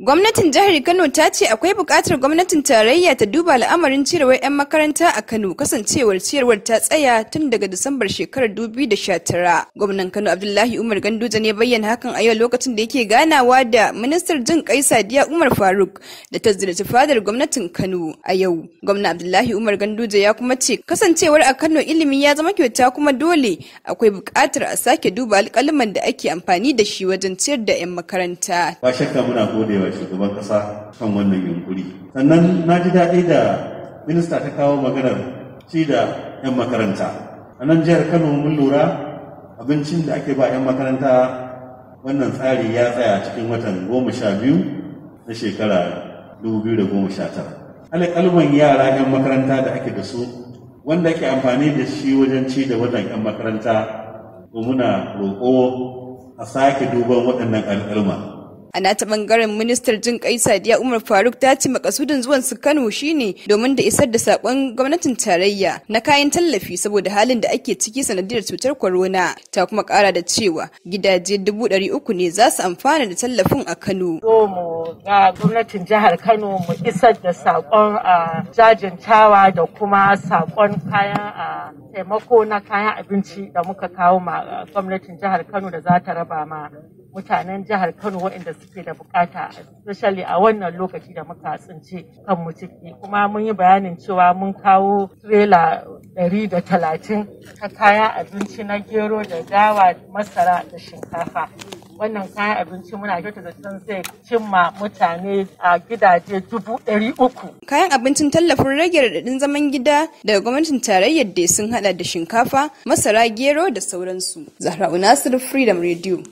Gwamnatin Jihar Kano ta ce akwai buƙatar gwamnatin tarayya ta duba al'amarin ciyarwar 'yan makaranta a Kano kasancewar ciyarwar ta tsaya tun daga Disambar shekarar 2019. Gwamnan Kano Abdullahi Umar ganduja ne bayyana hakan a yau lokacin da yake ganawa da ministar jin kai Sadiya Umar Faruk da ta ziyarci fadar gwamnatin Kano a yau. Gwamnan Abdullahi Umar ganduja ya kuma ce kasancewar a Kano ilimi ya zama kyauta kuma dole akwai buƙatar a sake duba alƙaluman da ake amfani da shi wajen ciyar da 'yan makaranta. Ba shakka muna gode wa shugaban kasa kan wannan yunkuri sannan na ji daɗi da minista ta kawo maganar ci da 'yan makaranta a nan jihar kano mun lura abincin da ake ba 'yan makaranta wannan tsari ya tsaya cikin watan goma sha biyu na shekara 2019 alƙalman yara 'yan makaranta da ake da su wanda ake amfani da shi wajen ci da watan 'yan makaranta muna roƙo a sake duban waɗannan alƙalma A nata bangaren ministar jin kai Sadiya Umar Faruk ta ce makasudin zuwan su Kano shine domin da isar da sakon gwamnatin tarayya na kayan tallafi saboda halin da ake ciki sanadiyar cutar corona. Ta kuma kara da cewa gidaje dubu ɗari uku ne za su amfana da tallafin a Kano. Zo mu ga gwamnatin jihar Kano mu isar da sakon jajintawa da kuma sakon kayan taimako na kayan abinci da muka kawo ma gwamnatin jihar Kano da za ta raba ma mutanen jihar Kano waɗanda suke da bukata especially a wannan lokaci da muka tsince kanmu ciki kuma mun yi bayanin cewa mun kawo trela ɗari da talatin ta kayan abinci na gero da dawa masara da shinkafa wannan kayan abinci muna kyauta da can zai cimma mutane a gidaje dubu ɗari uku. Kayan abincin tallafin rage raɗaɗin zaman gida daga gwamnatin tarayyar da sun hada da shinkafa, masara, gero da sauransu. Zahra Unasir Freedom Radio.